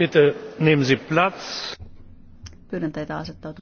Bitte nehmen Sie Platz. Pyydän teitä asettautumaan.